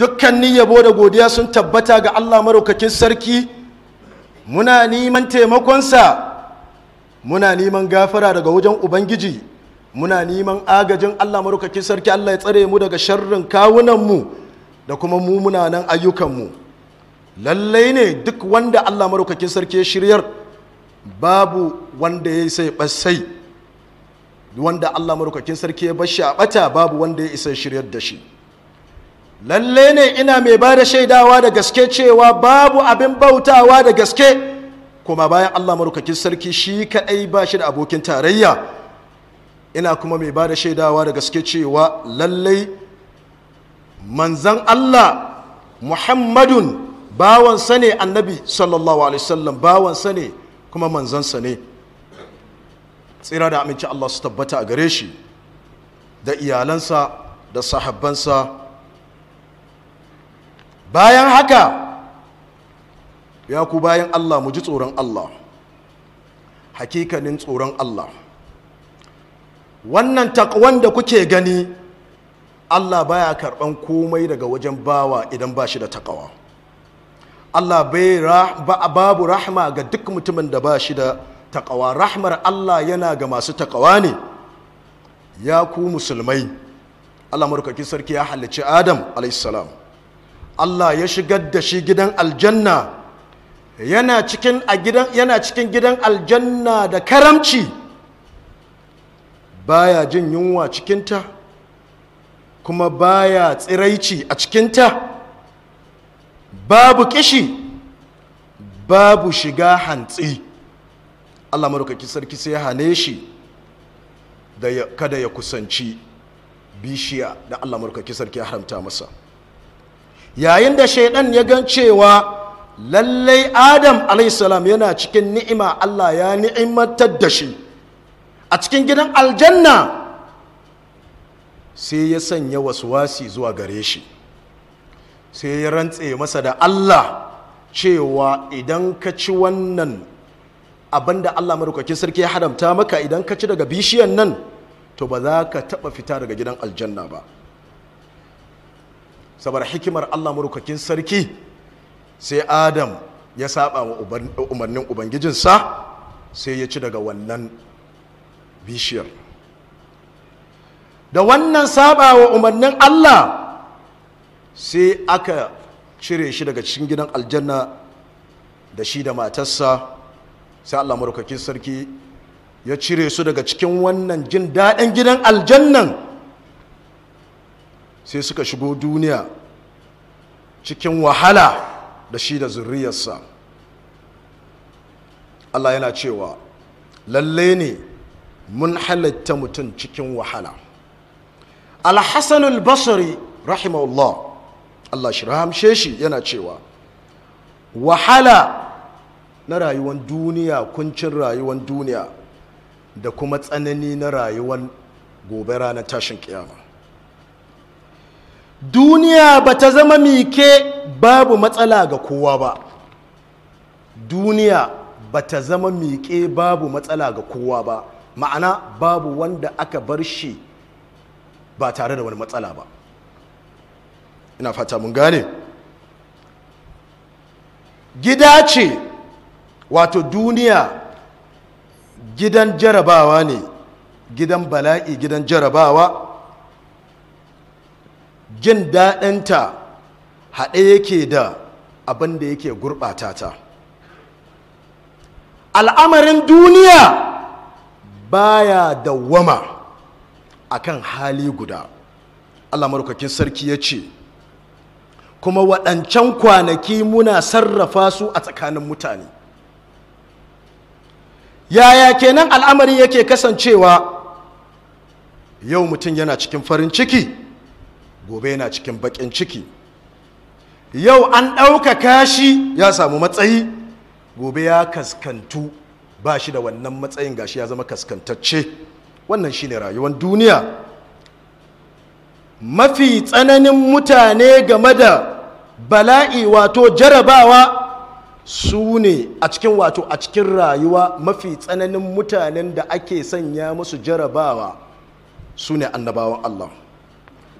dukkan yabo da godiya sun tabbata ga Allah maraukakin sarki muna neman taimakonsa muna neman gafara daga wajen ubangiji muna neman agajin Allah maraukakin sarki Allah ya tsare mu daga sharrin kawunan mu da kuma mu muna nan ayyukanmu lallai ne duk wanda Allah maraukakin sarki ya shiryar babu wanda ya sai basai wanda Allah maraukakin sarki ya bashi a bata babu wanda ya isa shiryar da shi lalle ne ina mai ba da shaidawa da gaske cewa babu abin bautawa da gaske kuma bayan Allah marukakin sarki shi kaɗai ba shi da abokin tarayya ina kuma mai ba da shaidawa da gaske cewa lallai manzan Allah Muhammadun bawan ne annabi sallallahu alaihi wasallam bawan ne kuma manzan ne tsira da aminci Allah su tabbata a gare shi da iyalansa da sahabbansa bayan haka ya ku bayan Allah mu ji tsoron Allah hakikanin tsoron Allah wannan takwan da kuke gani Allah baya karɓan komai daga wajen bawa idan ba shi da takawa Allah bai babu rahma ga duk mutumin da ba shi da takawa rahmar Allah yana ga masu takawa ne ya ku musulmai Allah marukaki sarki ya halicci Adam alaihissalam Allah ya shigar da shi gidan aljanna yana cikin a gidan yana cikin gidan aljanna da karamci baya jin yunwa cikinta kuma baya tsiraici a cikinta babu kishi babu shiga hantsi Allah madaukaki sarki sai ya hane shi da kada ya kusanci bishiya da Allah madaukaki sarki ya haramta masa yayin da shaidan ya gan cewa lallai adam alaihissalam yana cikin ni'ima allah ya ni'imantar da shi a cikin gidan aljanna sai ya sanya wasu wasi zuwa gare shi sai ya rantse masa da allah cewa idan ka ci wannan abin da allah marukakin sarki ya haramta maka idan ka ci daga bishiyan nan to ba za ka taɓa fita daga gidan aljanna ba saboda hikimar Allah murkakin sarki sai Adam ya saba wa umarnin ubangijinsa sai ya ci daga wannan bishiyar da wannan saba wa umarnin Allah sai aka cire shi daga cikin gidan aljanna da shi da matarsa sai Allah murkakin sarki ya cire su daga cikin wannan jin daɗin gidan aljannan sai suka shigo duniya cikin wahala da shi da zurriyarsa Allah yana cewa lalle ne mun halatta mutum cikin wahala alhassanul basari rahimahullah Allah shi rahamshe shi yana cewa wahala na rayuwar duniya kuncin rayuwar duniya da kuma tsanani na rayuwar gobe ranar tashin kiyama duniya ba ta zama mike babu matsala ga kowa ba duniya ba ta zama mike babu matsala ga kowa ba ma'ana babu wanda aka bar shi ba tare da wani matsala ba ina fata mun gane gida ce wato duniya gidan jarabawa ne gidan bala'i gidan jarabawa jin daɗinta haɗe yake da abin da yake gurɓata ta al'amarin duniya baya dawwama akan hali guda Allah marukakin sarki ya ce kuma waɗancan kwanaki muna sarrafa su a tsakanin mutane yaya kenan al'amarin yake kasancewa yau mutum yana cikin farin ciki gobe yana cikin bakin ciki yau an ɗauka kashi ya samu matsayi gobe ya kaskantu ba shi da wannan matsayin gashi ya zama kaskantacce wannan shi ne rayuwar duniya mafi tsananin mutane game da bala'i wato jarabawa su ne a cikin wato a cikin rayuwa mafi tsananin mutanen da ake sanya musu jarabawa su ne annabawan Allah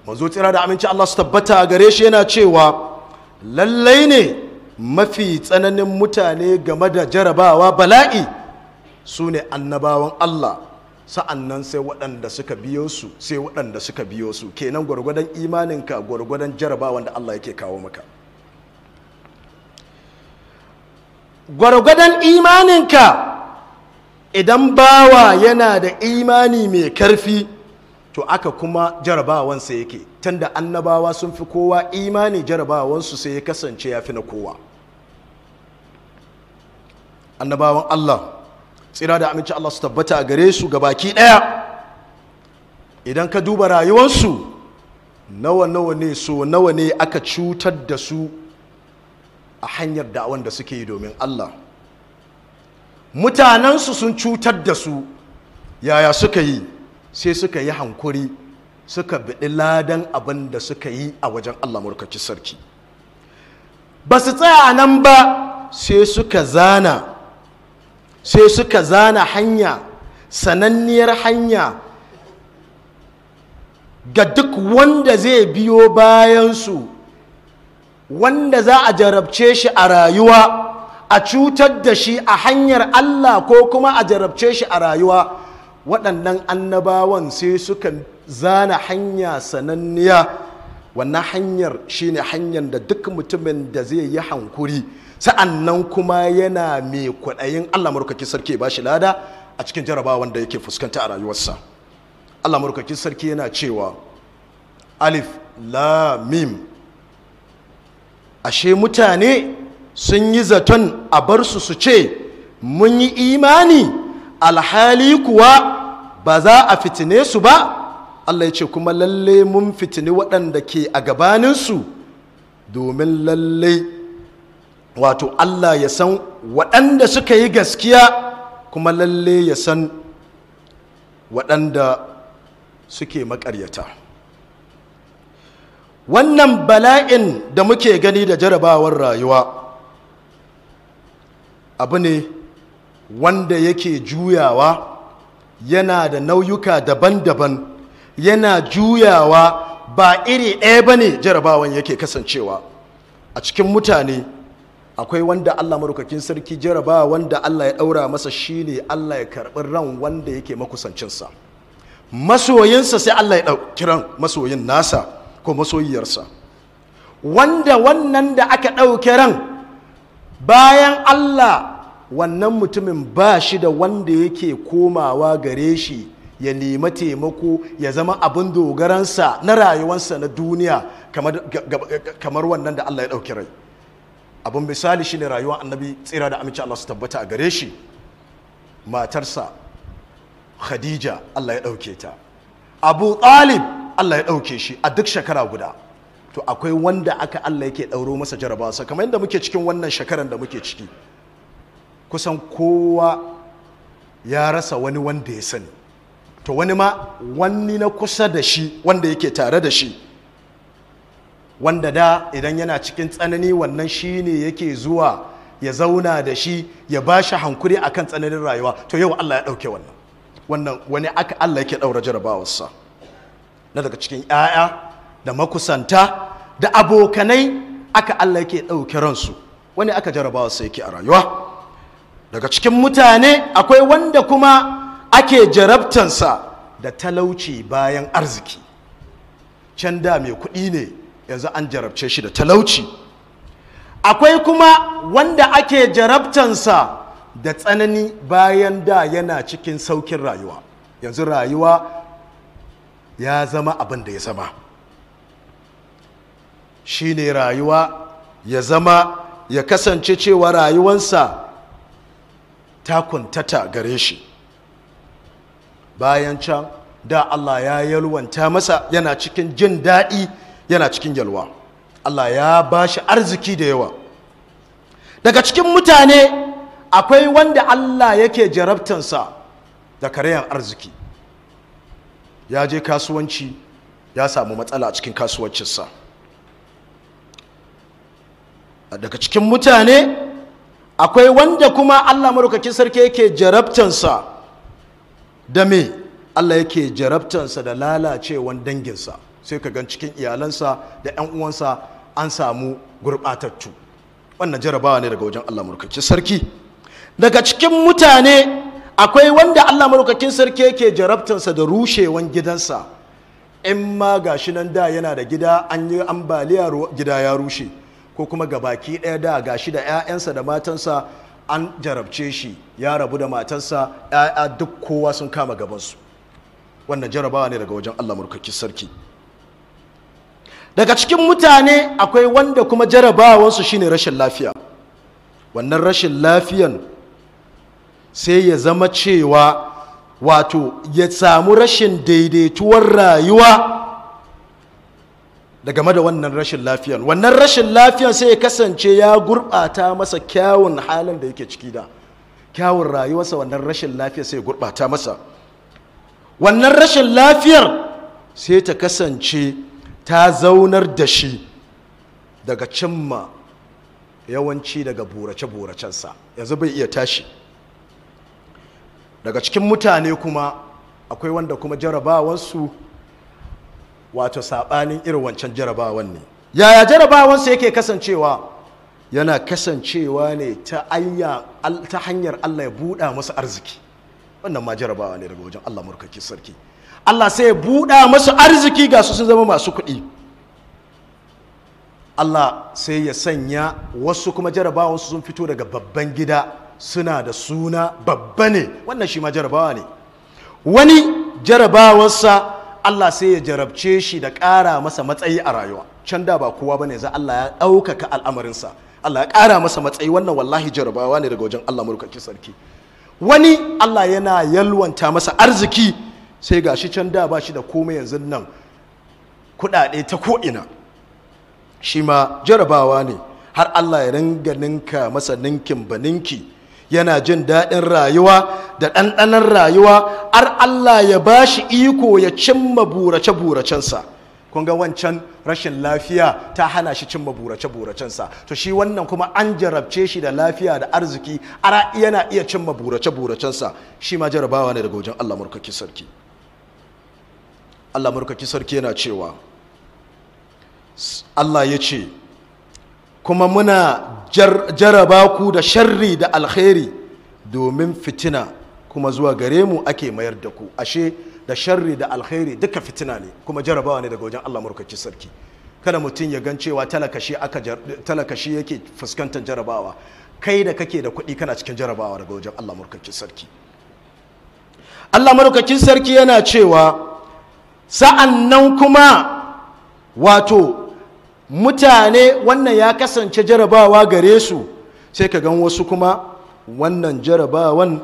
manzo tsira da aminci Allah su tabbata gare shi yana cewa lallai ne mafi tsananin mutane game da jarabawa bala'i su ne annabawan Allah sa'annan sai waɗanda suka biyo su sai waɗanda suka biyo su kenan gwargwadon imaninka gwargwadon jarabawan da Allah yake kawo maka gwargwadon imaninka idan bawa yana da imani mai karfi to aka kuma jarabawansa yake tunda annabawa sun fi kowa imani jarabawansu sai ya kasance ya fi na kowa annabawan Allah tsira da aminci Allah su tabbata a gare su ga baki ɗaya idan ka duba rayuwarsu nawa nawa ne so nawa ne aka cutar da su a hanyar da da suke yi domin Allah mutanensu sun cutar da su yaya suka yi sai suka yi hankuri suka biɗi ladan abin da suka yi a wajen Allah murkaci sarki ba su tsaya a nan ba sai suka zana sai suka zana hanya sananniyar hanya ga duk wanda zai biyo bayansu wanda za a jarabce shi a rayuwa a cutar da shi a hanyar Allah ko kuma a jarabce shi a rayuwa waɗannan annabawan sai suka zana hanya sananniya wannan hanyar shine hanyar da duk mutumin da zai yi hankuri Sa'an nan kuma yana mai kwaɗayin allah murkaki sarki ba shi lada a cikin jarabawan da yake fuskanta a rayuwarsa allah murkaki sarki yana cewa alif lamim ashe mutane sun yi zaton a bar su su ce mun yi imani alhali kuwa ba za a fitine su ba Allah ya ce kuma lalle mun fitini waɗanda ke a gabaninsu domin lalle wato Allah ya san waɗanda suka yi gaskiya kuma lalle ya san waɗanda suke maƙaryata. wannan bala'in da muke gani da jarabawar rayuwa abu ne wanda yake juyawa yana da nauyuka daban-daban yana juyawa ba iri ɗaya ba ne jarabawan yake kasancewa a cikin mutane akwai wanda allah marukakin sarki jarabawa wanda allah ya ɗaura masa shine allah ya karɓi ran wanda yake makusancinsa masoyinsa sai allah ya ɗauki ran masoyin nasa ko masoyiyarsa wanda wannan da aka ɗauki ran bayan allah wannan mutumin ba shi da wanda yake komawa gare shi ya nema taimako ya zama abin dogaransa na rayuwarsa na duniya kamar wannan da Allah ya ɗauki rai abin misali shi ne rayuwar annabi tsira da aminci Allah su tabbata a gare shi matarsa khadija Allah ya ɗauke ta abu talib Allah ya ɗauke shi a duk shekara guda to akwai wanda aka Allah yake ɗauro masa jarabawa kamar yadda muke cikin wannan shekaran da muke ciki kusan kowa ya rasa wani wanda ya sani to wani ma wani na kusa da shi wanda yake tare da shi wanda da idan yana cikin tsanani wannan shi ne yake zuwa ya zauna da shi ya ba shi hankuri akan tsananin rayuwa to yau Allah ya ɗauke wannan wannan wani aka Allah yake ɗaura jarabawarsa na daga cikin 'ya'ya da makusanta da abokanai aka Allah yake ɗauke ransu wani aka jarabawarsa yake a rayuwa daga cikin mutane akwai wanda kuma ake jarabtansa da talauci bayan arziki can da mai kuɗi ne yanzu an jarabce shi da talauci akwai kuma wanda ake jarabtansa da tsanani bayan da yana cikin saukin rayuwa yanzu rayuwa ya zama abin da ya zama shi ne rayuwa ya zama ya kasance cewa rayuwansa ta kuntata gare shi bayan can da Allah ya yalwanta masa yana cikin jin daɗi yana cikin yalwa Allah ya ba shi arziki da yawa daga cikin mutane akwai wanda Allah yake jarabtansa da karayan arziki ya je kasuwanci ya samu matsala a cikin kasuwancinsa daga cikin mutane akwai wanda kuma Allah marukakin sarki yake jarabtansa da me Allah yake jarabtansa da lalacewan danginsa sai ka gan cikin iyalansa da 'yan uwansa an samu gurɓatattu wannan jarabawa ne daga wajen Allah marukakin sarki daga cikin mutane akwai wanda Allah maraukakin sarki yake jarabtansa da rushewan gidansa in ma gashi nan da yana da gida an yi ambaliya gida ya rushe ko kuma gabaki ɗaya da gashi da 'ya'yansa da matansa an jarabce shi ya rabu da matansa 'ya'ya duk kowa sun kama gabansu wannan jarabawa ne daga wajen allah murkaki sarki daga cikin mutane akwai wanda kuma jarabawansu shine rashin lafiya wannan rashin lafiyan sai ya zama cewa wato ya samu rashin daidaituwar rayuwa da game da wannan rashin lafiyan, wannan rashin lafiyan sai ya kasance ya gurɓata masa kyawun halin da yake ciki da kyawun rayuwarsa wannan rashin lafiyar sai ya gurɓata masa wannan rashin lafiyar sai ta kasance ta zaunar da shi daga cimma yawanci daga burace-buracensa yanzu bai iya tashi daga cikin mutane kuma akwai wanda kuma su. wato saɓanin irin wancan jarabawan ne yaya jarabawansa yake kasancewa yana kasancewa ne ta hanyar Allah ya buɗa masu arziki wannan ma jarabawa ne daga wajen Allah murkaki sarki Allah sai ya buɗa masu arziki ga su sun zama masu kuɗi Allah sai ya sanya wasu kuma jarabawansu sun fito daga babban gida suna da suna babba ne wannan shi ma jarabawa ne wani jarabawarsa Allah sai ya jarabce shi da ƙara masa matsayi a rayuwa can da ba kowa bane za Allah ya ɗaukaka al'amarinsa Allah ya ƙara masa matsayi wannan wallahi jarabawa ne daga wajen Allah murkakin sarki wani Allah yana yalwanta masa arziki sai ga shi can da ba shi da komai yanzu nan kuɗaɗe ta ko'ina shi ma jarabawa ne har Allah ya ringa ninka masa ninkin ba yana jin daɗin rayuwa da ɗanɗanon rayuwa har Allah ya ba shi iko ya cimma burace-buracensa kun ga wancan rashin lafiya ta hana shi cimma burace-buracensa to shi wannan kuma an jarabce shi da lafiya da arziki ara yana iya cimma burace-buracensa shi ma jarabawa ne daga wajen Allah murkaki sarki Allah murkaki sarki yana cewa Allah ya ce kuma muna jaraba ku da sharri da alkhairi domin fitina kuma zuwa gare mu ake mayar da ku ashe da sharri da alkhairi duka fitina ne kuma jarabawa ne daga wajen Allah murkaci sarki kada mutum ya gan cewa talakashi aka talakashi yake fuskantar jarabawa kai da kake da kuɗi kana cikin jarabawa daga wajen Allah murkaci sarki Allah murkaci sarki yana cewa sa'annan kuma wato mutane wannan ya kasance jarabawa gare su sai ka gan wasu kuma wannan jarabawan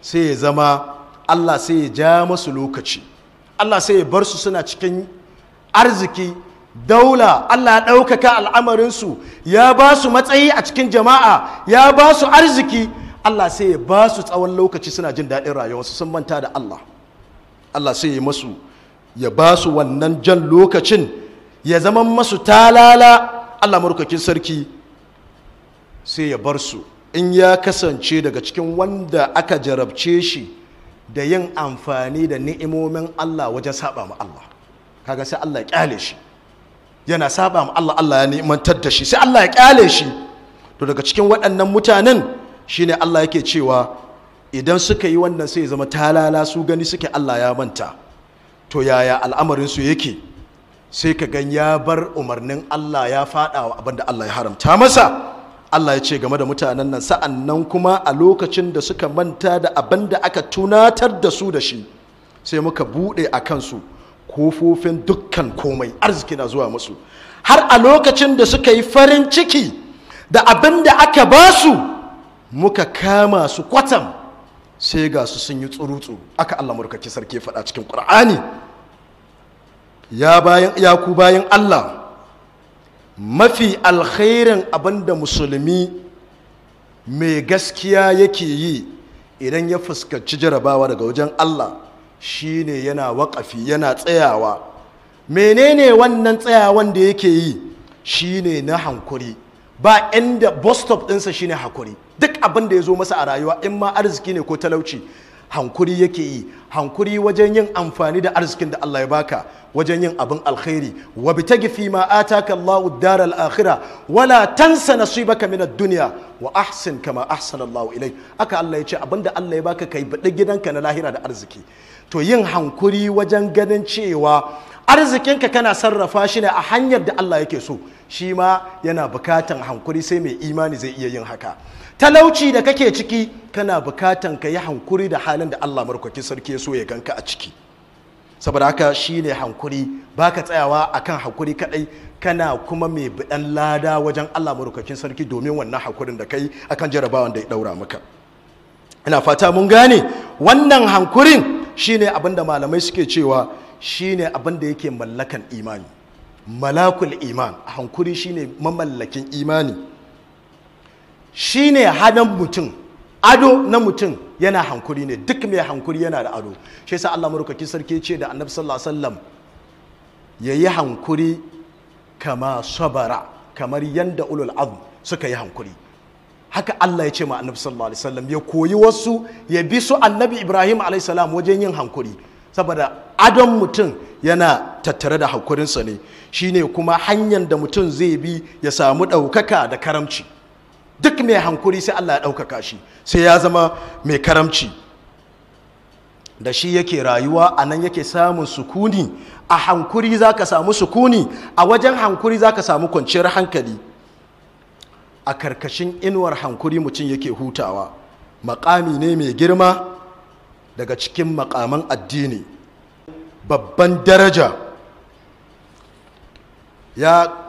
sai ya zama Allah sai ya ja masu lokaci Allah sai ya bar su suna cikin arziki daula Allah ya ɗaukaka al'amarinsu ya ba su matsayi a cikin jama'a ya ba su arziki Allah sai ya ba su tsawon lokaci suna jin daɗin rayuwarsu sun manta da Allah Allah sai ya masu ya ba su wannan jan lokacin ya zama masu talala Allah marukakin sarki sai ya bar su in ya kasance daga cikin wanda aka jarabce shi da yin amfani da ni'imomin Allah wajen saba ma Allah kaga sai Allah ya kyale shi yana saba ma Allah Allah ya ni'mantar da shi sai Allah ya kyale shi to daga cikin waɗannan mutanen shine Allah yake cewa idan suka yi wannan sai ya zama talala su gani suke Allah ya manta to yaya al'amarin su yake sai ka gan ya bar umarnin Allah ya faɗa wa abin da Allah ya haramta masa Allah ya ce game da mutanen nan sa'an nan kuma a lokacin da suka manta da abin da aka tunatar da su da shi sai muka buɗe a kansu kofofin dukkan komai arziki na zuwa musu har a lokacin da suka yi farin ciki da abin da aka ba su muka kama su kwatam sai ga su sun yi tsurutsu aka Allah murkaki sarki faɗa cikin ƙur'ani ya bayan iyaku bayan Allah mafi alkhairin abinda musulmi mai gaskiya yake yi idan ya fuskanci jarabawa daga wajen Allah shine yana waƙafi yana tsayawa menene wannan tsayawan da yake yi shine na hankuri ba inda bus stop ɗinsa shine hankuri duk abin da ya zo masa a rayuwa in ma arziki ne ko talauci hankuri yake yi hankuri wajen yin amfani da arzikin da Allah ya baka wajen yin abin alkhairi wa bitagi fi ma ataka Allahu daral akhira wala tansa nasibaka min ad-dunya wa ahsin kama ahsana Allahu ilai aka Allah ya ce abinda Allah ya baka kai bada gidanka na lahira da arziki to yin hankuri wajen ganin cewa arzikinka kana sarrafa shi ne a hanyar da Allah yake so shi ma yana bukatan hankuri sai mai imani zai iya yin haka talauci da kake ciki kana bukatan ka yi hankuri da halin da Allah markwaki sarki ya so ya ganka a ciki saboda haka shine hankuri baka tsayawa akan hankuri kadai kana kuma mai bidan lada wajen Allah markwaki sarki domin wannan hankurin da kai akan jarabawan da ya daura maka ina fata mun gane wannan hankurin shine da malamai suke cewa shine da yake mallakan imani malakul iman hankuri shine mamallakin imani Shi ne halin mutum ado na mutum yana hankuri ne duk mai hankuri yana da ado shi yasa Allah marukaki sarki ce da annabi sallallahu alaihi wasallam yayi hankuri kama sabara kamar yanda ulul azm suka yi hankuri haka Allah ya ce ma annabi sallallahu alaihi wasallam ya koyi wasu ya bi su annabi Ibrahim alaihi salam wajen yin hankuri saboda adon mutum yana tattare da hankurinsa ne shine kuma hanyar da mutum zai bi ya samu ɗaukaka da karamci duk mai hankuri sai Allah ya ɗaukaka shi sai ya zama mai karamci da shi yake rayuwa a nan yake samun sukuni a hankuri za ka samu sukuni a wajen hankuri za ka samu kwanciyar hankali a karkashin inuwar hankuri mutum yake hutawa makami ne mai girma daga cikin makaman addini babban daraja ya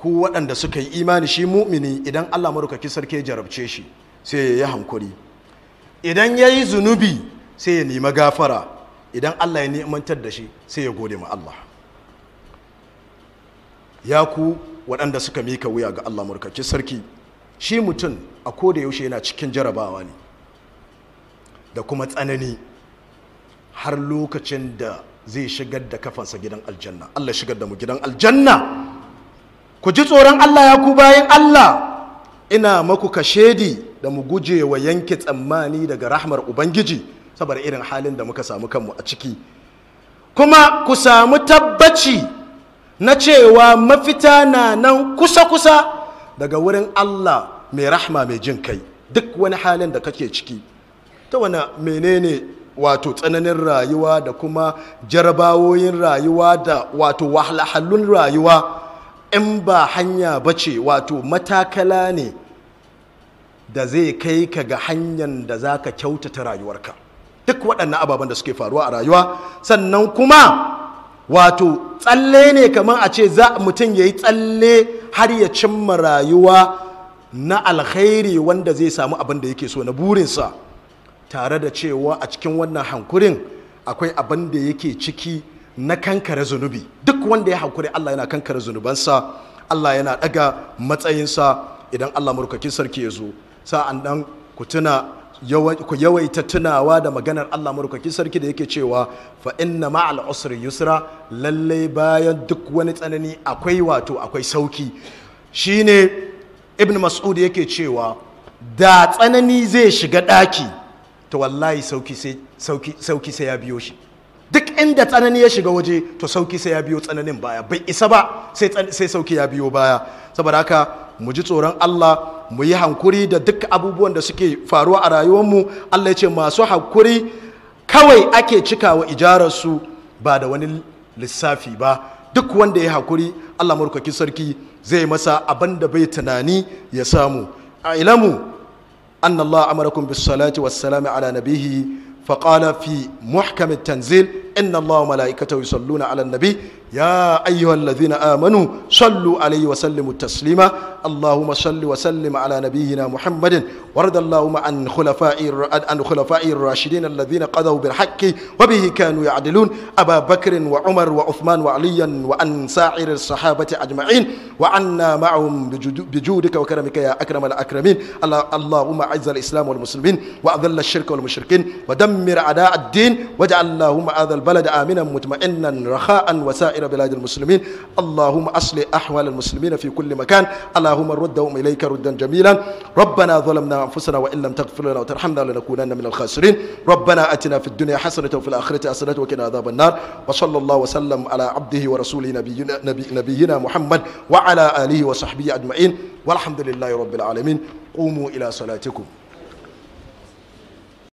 ku waɗanda suka yi imani shi mu'mini idan Allah marukaki sarki ya jarabce shi sai ya yi hankuri idan ya yi zunubi sai ya nemi gafara idan Allah ya ni'mantar da shi sai ya gode ma Allah ya ku waɗanda suka mika wuya ga Allah marukaki sarki shi mutum a koda yaushe yana cikin jarabawa ne da kuma tsanani har lokacin da zai shigar da kafansa gidan aljanna Allah shigar da mu gidan aljanna ku ji tsoron Allah ya ku bayan Allah ina maku kashedi da mu guje wa yanke tsammani daga rahmar ubangiji saboda irin halin da muka samu kanmu a ciki kuma ku samu tabbaci na cewa mafita na nan kusa-kusa daga wurin Allah mai rahma mai jin kai duk wani halin da kake ciki ta wani menene wato tsananin rayuwa da kuma jarabawoyin rayuwa da wato wahalhalun rayuwa in ba hanya ba ce wato matakala ne da zai kai ka ga hanyar da za ka kyautata rayuwarka duk waɗannan ababen da suke faruwa a rayuwa sannan kuma wato tsalle ne kamar a ce za mutum ya yi tsalle har ya cimma rayuwa na alkhairi wanda zai samu abin da yake so na burinsa tare da cewa a cikin wannan hankurin akwai abin da yake ciki na kankare zunubi duk wanda ya haƙuri Allah yana kankare zunubansa Allah yana ɗaga matsayinsa idan Allah murkakin sarki ya zo sa'an nan ku tuna ku yawaita tunawa da maganar Allah murkakin sarki da yake cewa fa inna ma'al usri yusra lallai bayan duk wani tsanani akwai wato akwai sauki shine ibn mas'ud yake cewa da tsanani zai shiga ɗaki to wallahi sauki sai ya biyo shi duk inda tsanani ya shiga waje to sauki sai ya biyo tsananin baya bai isa ba sai sauki ya biyo baya saboda haka mu ji tsoron Allah mu yi hankuri da duk abubuwan da suke faruwa a rayuwarmu Allah ya ce masu hankuri kawai ake cikawa ijararsu ba da wani lissafi ba duk wanda ya hakuri Allah murkaki sarki zai masa abin da bai tunani ya samu a ilamu فقال في محكم التنزيل inna allaha malaikatahu yusalluna ala nabi ya ayyuhalladhina amanu sallu alayhi wa sallimu taslima allahumma salli wa sallim ala nabiyyina muhammadin warad allahumma an khulafa'i an khulafa'i ar-rashidin alladhina qadaw bil haqqi wa bihi kanu aba bakr wa umar wa uthman wa aliyan wa an sa'ir as-sahabati ajma'in wa anna ma'ahum bijudika wa karamika ya akram al-akramin allahumma a'izz islam wal wa adhall shirka wal wa a'da' ad-din waj'al البلد آمنا مطمئنا رخاء وسائر بلاد المسلمين اللهم أصل أحوال المسلمين في كل مكان اللهم ردهم إليك ردا جميلا ربنا ظلمنا أنفسنا وإن لم تغفر لنا وترحمنا لنكونن من الخاسرين ربنا أتنا في الدنيا حسنة وفي الآخرة حسنة وقنا عذاب النار وصلى الله وسلم على عبده ورسوله نبينا, نبي نبينا محمد وعلى آله وصحبه أجمعين والحمد لله رب العالمين قوموا إلى صلاتكم